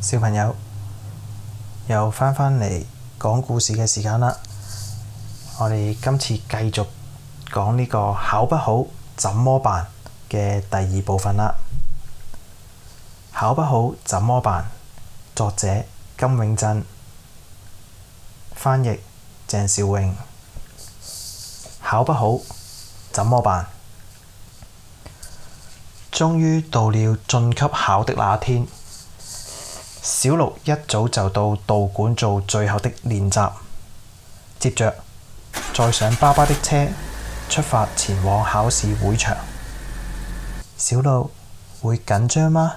小朋友又返返嚟講故事嘅時間啦！我哋今次繼續講呢個考不好怎麼辦嘅第二部分啦。考不好怎麼辦？作者金永鎮，翻譯鄭莜穎。考不好怎麼辦？終於到了晉級考的那天。小綠一早就到道館做最後的練習，接着再上爸爸的車出發前往考試會場。小綠會緊張嗎？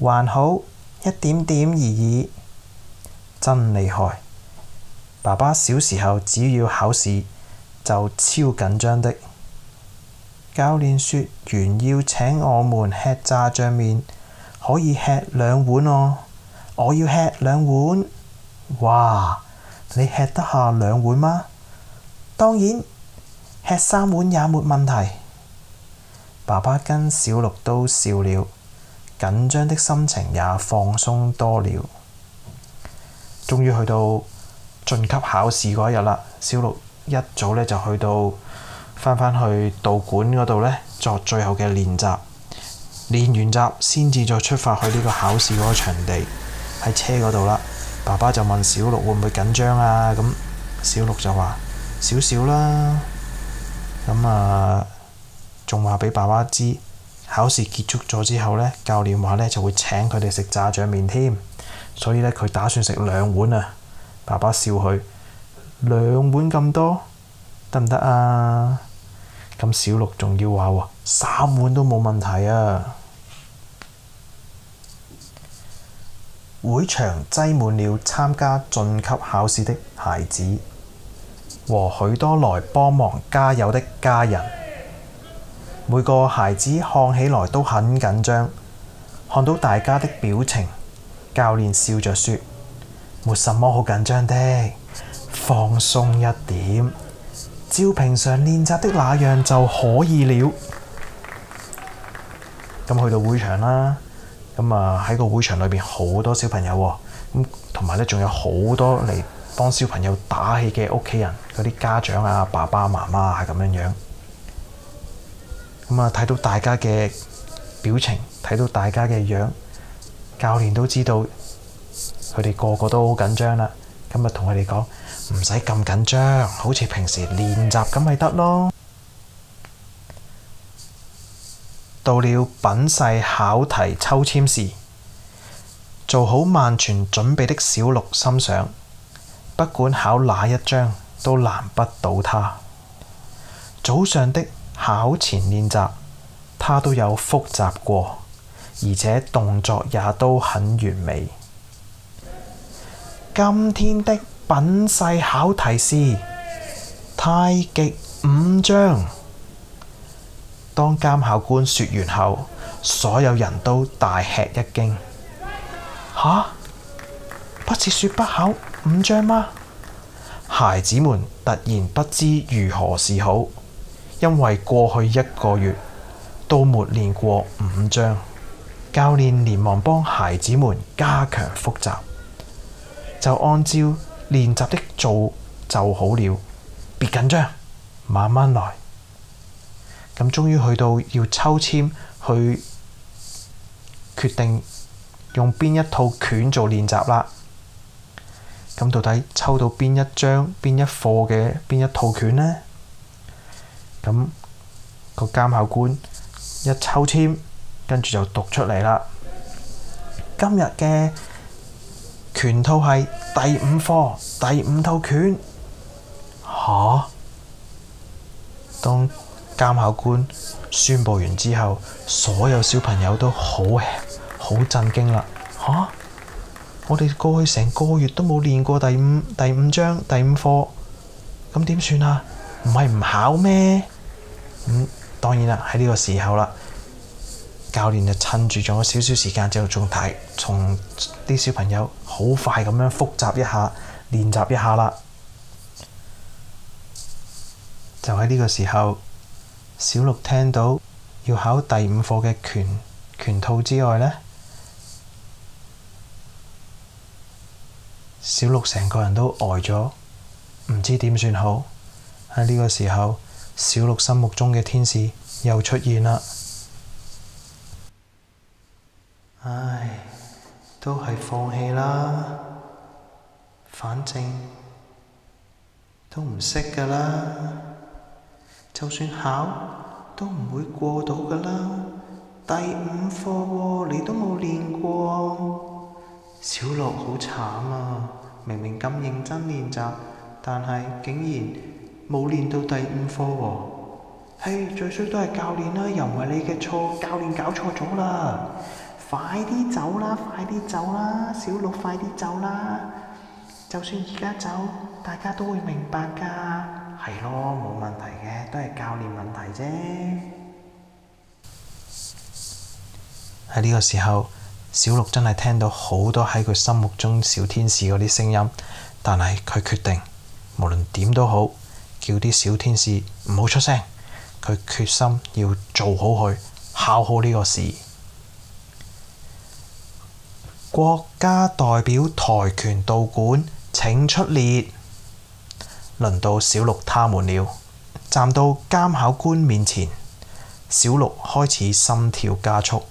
還好，一點點而已。真厲害！爸爸小時候只要考試就超緊張的。教練說完要請我們吃炸醬麵。可以吃兩碗哦，我要吃兩碗。嘩，你吃得下兩碗嗎？當然，吃三碗也沒問題。爸爸跟小六都笑了，緊張的心情也放鬆多了。終於去到晉級考試嗰一日啦，小六一早咧就去到翻返去道館嗰度呢，作最後嘅練習。練完習先至再出發去呢個考試嗰個場地喺車嗰度啦。爸爸就問小綠會唔會緊張啊？咁小綠就話少少啦。咁啊，仲話俾爸爸知考試結束咗之後呢，教練話呢就會請佢哋食炸醬麵添。所以呢，佢打算食兩碗啊。爸爸笑佢兩碗咁多，得唔得啊？咁小綠仲要話喎，三碗都冇問題啊！會場擠滿了參加進級考試的孩子和許多來幫忙加油的家人。每個孩子看起來都很緊張。看到大家的表情，教練笑着說：沒什麼好緊張的，放鬆一點。照平常練習的那樣就可以了。咁去到會場啦，咁啊喺個會場裏面好多小朋友喎，咁同埋呢，仲有好多嚟幫小朋友打氣嘅屋企人嗰啲家長啊、爸爸媽媽啊係咁樣樣。咁啊睇到大家嘅表情，睇到大家嘅樣，教練都知道佢哋個個都好緊張啦。咁啊同佢哋講。唔使咁緊張，好似平時練習咁咪得咯。到了品勢考題抽籤時，做好萬全準備的小綠心想：不管考哪一章，都難不倒他。早上的考前練習，他都有複習過，而且動作也都很完美。今天的品勢考題是太極五章。當監考官說完後，所有人都大吃一驚。嚇，不是說不考五章嗎？孩子們突然不知如何是好，因為過去一個月都沒練過五章。教練連忙幫孩子們加強複習，就按照練習的做就好了，別緊張，慢慢來。咁終於去到要抽籤去決定用邊一套拳做練習啦。咁到底抽到邊一張、邊一課嘅邊一套拳呢？咁個監考官一抽籤，跟住就讀出嚟啦。今日嘅拳套係第五課第五套拳，嚇！當監考官宣佈完之後，所有小朋友都好好震驚啦！嚇！我哋過去成個月都冇練過第五第五章第五課，咁點算啊？唔係唔考咩？嗯，當然啦，喺呢個時候啦。教練就趁住仲有少少時間，就仲提從啲小朋友好快咁樣複習一下、練習一下啦。就喺呢個時候，小綠聽到要考第五課嘅拳拳套之外呢，小綠成個人都呆咗，唔知點算好。喺呢個時候，小綠心目中嘅天使又出現啦。唉，都係放棄啦。反正都唔識㗎啦。就算考都唔會過到㗎啦。第五課喎、哦，你都冇練過。小綠好慘啊！明明咁認真練習，但係竟然冇練到第五課喎、哦。嘿，最衰都係教練啦、啊，又唔係你嘅錯，教練搞錯咗啦。快啲走啦！快啲走啦！小綠快啲走啦！就算而家走，大家都會明白㗎。係咯，冇問題嘅，都係教練問題啫。喺呢個時候，小綠真係聽到好多喺佢心目中小天使嗰啲聲音，但係佢決定，無論點都好，叫啲小天使唔好出聲。佢決心要做好佢，考好呢個試。國家代表跆拳道館請出列，輪到小綠他們了。站到監考官面前，小綠開始心跳加速。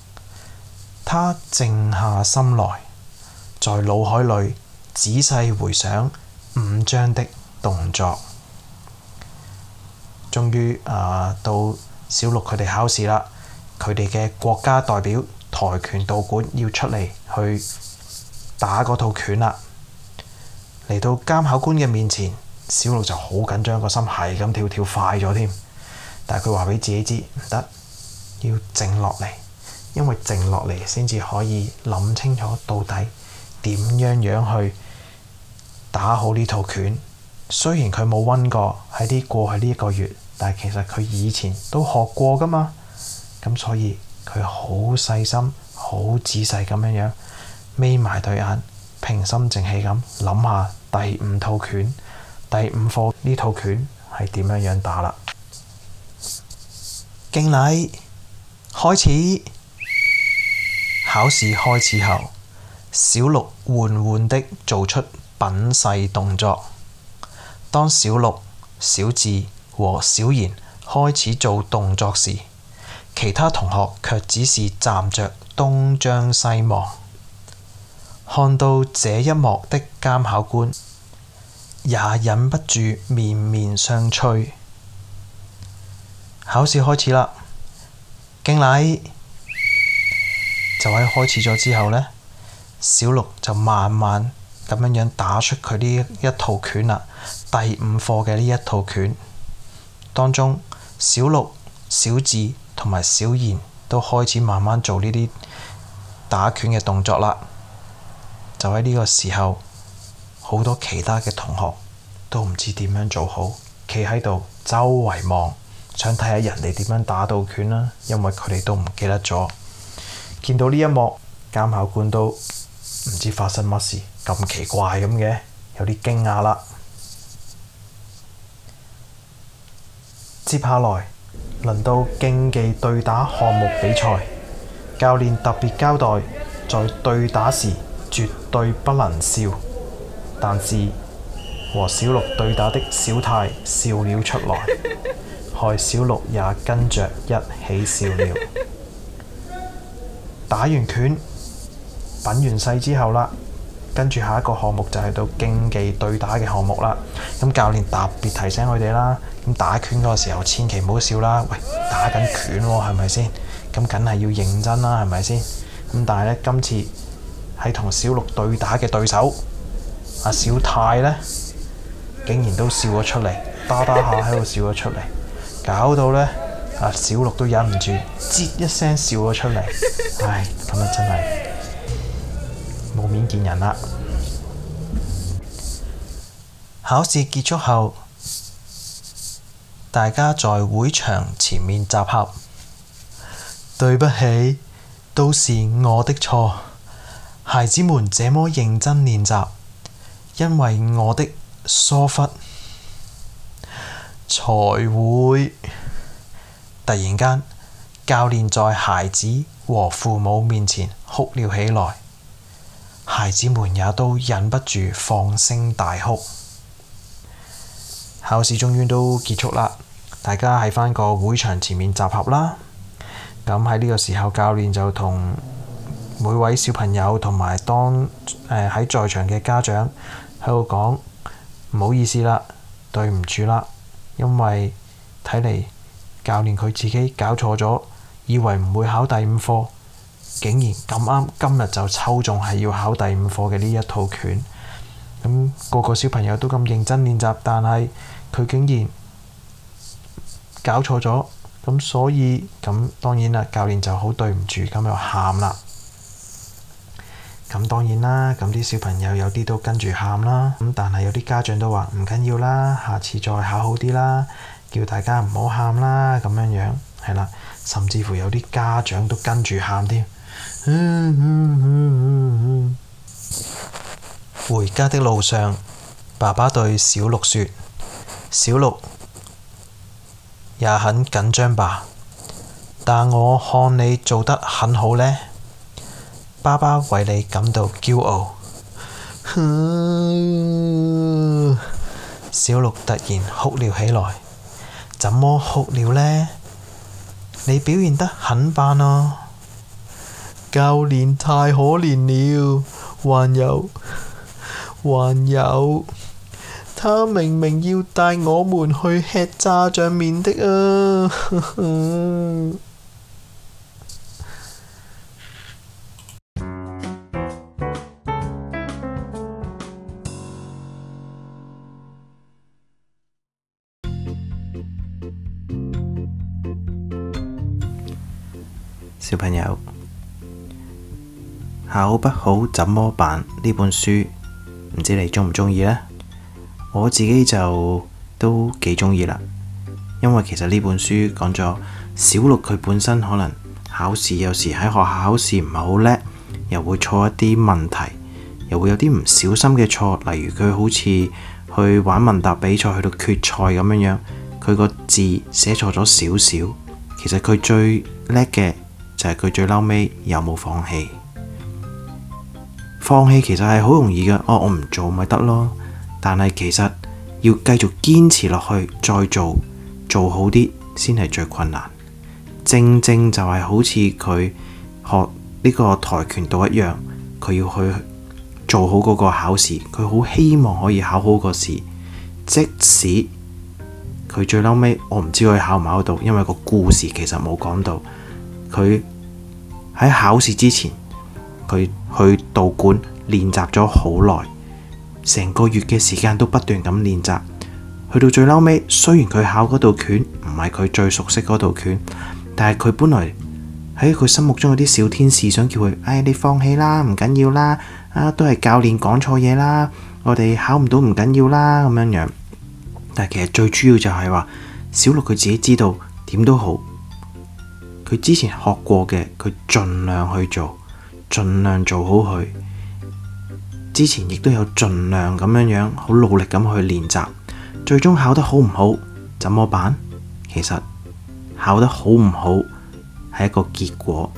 他靜下心來，在腦海裏仔細回想五章的動作。終於啊，到小綠佢哋考試啦！佢哋嘅國家代表。跆拳道館要出嚟去打嗰套拳啦！嚟到監考官嘅面前，小綠就好緊張，個心係咁跳跳快咗添。但係佢話俾自己知唔得，要靜落嚟，因為靜落嚟先至可以諗清楚到底點樣樣去打好呢套拳。雖然佢冇温過喺啲過去呢一個月，但係其實佢以前都學過㗎嘛，咁所以。佢好細心、好仔細咁樣樣，眯埋對眼，平心靜氣咁諗下第五套拳、第五課呢套拳係點樣樣打啦。敬禮，開始。考試開始後，小綠緩緩的做出品勢動作。當小綠、小智和小賢開始做動作時，其他同學卻只是站着東張西望，看到這一幕的監考官也忍不住面面相覷。考試開始啦，敬禮！就喺開始咗之後呢，小綠就慢慢咁樣樣打出佢呢一套拳啦。第五課嘅呢一套拳當中小、小綠、小智，同埋小賢都開始慢慢做呢啲打拳嘅動作啦，就喺呢個時候，好多其他嘅同學都唔知點樣做好，企喺度周圍望，想睇下人哋點樣打到拳啦，因為佢哋都唔記得咗。見到呢一幕，監考官都唔知發生乜事咁奇怪咁嘅，有啲驚訝啦。接下來。輪到競技對打項目比賽，教練特別交代，在對打時絕對不能笑。但是和小綠對打的小太笑了出來，害小綠也跟着一起笑了。打完拳，品完勢之後啦。跟住下一個項目就係到競技對打嘅項目啦。咁教練特別提醒佢哋啦，咁打拳嗰個時候千祈唔好笑啦。喂，打緊拳喎，係咪先？咁梗係要認真啦，係咪先？咁但係呢，今次係同小六對打嘅對手阿、啊、小泰呢，竟然都笑咗出嚟，嗒嗒下喺度笑咗出嚟，搞到呢，阿小六都忍唔住，嘖一聲笑咗出嚟。唉，咁啊真係～冇面見人喇！考試結束後，大家在會場前面集合。對不起，都是我嘅錯。孩子們這麼認真練習，因為我嘅疏忽，才會突然間，教練在孩子和父母面前哭了起來。孩子們也都忍不住放聲大哭。考試終於都結束啦，大家喺返個會場前面集合啦。咁喺呢個時候，教練就同每位小朋友同埋當誒喺在場嘅家長喺度講：唔好意思啦，對唔住啦，因為睇嚟教練佢自己搞錯咗，以為唔會考第五科。竟然咁啱今日就抽中係要考第五課嘅呢一套拳，咁個個小朋友都咁認真練習，但係佢竟然搞錯咗，咁所以咁當然啦，教練就好對唔住，咁又喊啦。咁當然啦，咁啲小朋友有啲都跟住喊啦，咁但係有啲家長都話唔緊要啦，下次再考好啲啦，叫大家唔好喊啦，咁樣樣係啦，甚至乎有啲家長都跟住喊添。回家的路上，爸爸對小綠說：小綠，也很緊張吧？但我看你做得很好呢，爸爸為你感到驕傲。 小綠突然哭了起來，怎麼哭了呢？你表現得很棒哦。教練太可憐了，還有還有，他明明要帶我們去吃炸醬麵的啊！小朋友。考不好怎麼辦？呢本書唔知你中唔中意呢？我自己就都幾中意啦，因為其實呢本書講咗小綠佢本身可能考試有時喺學校考試唔係好叻，又會錯一啲問題，又會有啲唔小心嘅錯，例如佢好似去玩問答比賽去到決賽咁樣樣，佢個字寫錯咗少少，其實佢最叻嘅就係佢最嬲尾有冇放棄。放棄其實係好容易嘅。哦，我唔做咪得咯。但係其實要繼續堅持落去，再做做好啲，先係最困難。正正就係好似佢學呢個跆拳道一樣，佢要去做好嗰個考試，佢好希望可以考好個試。即使佢最嬲尾，我唔知佢考唔考到，因為個故事其實冇講到佢喺考試之前。佢去道館練習咗好耐，成個月嘅時間都不斷咁練習。去到最嬲尾，雖然佢考嗰套拳唔係佢最熟悉嗰套拳，但係佢本來喺佢心目中有啲小天使想叫佢：，唉、哎，你放棄啦，唔緊要啦，啊，都係教練講錯嘢啦，我哋考唔到唔緊要啦，咁樣樣。但係其實最主要就係話，小綠佢自己知道點都好，佢之前學過嘅，佢盡量去做。盡量做好佢，之前亦都有盡量咁樣樣，好努力咁去練習。最終考得好唔好，怎麼辦？其實考得好唔好係一個結果，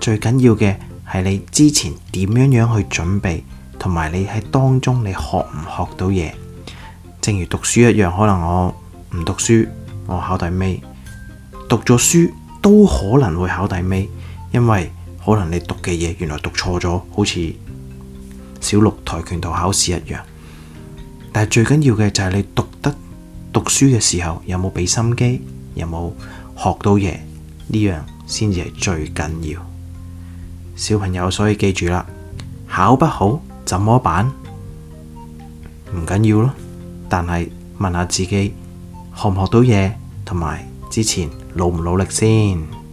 最緊要嘅係你之前點樣樣去準備，同埋你喺當中你學唔學到嘢。正如讀書一樣，可能我唔讀書，我考第尾；讀咗書都可能會考第尾，因為。可能你讀嘅嘢原來讀錯咗，好似小綠跆拳道考試一樣。但係最緊要嘅就係你讀得，讀書嘅時候有冇俾心機，有冇學到嘢，呢樣先至係最緊要。小朋友，所以記住啦，考不好怎麼辦？唔緊要咯，但係問下自己學唔學到嘢，同埋之前努唔努力先。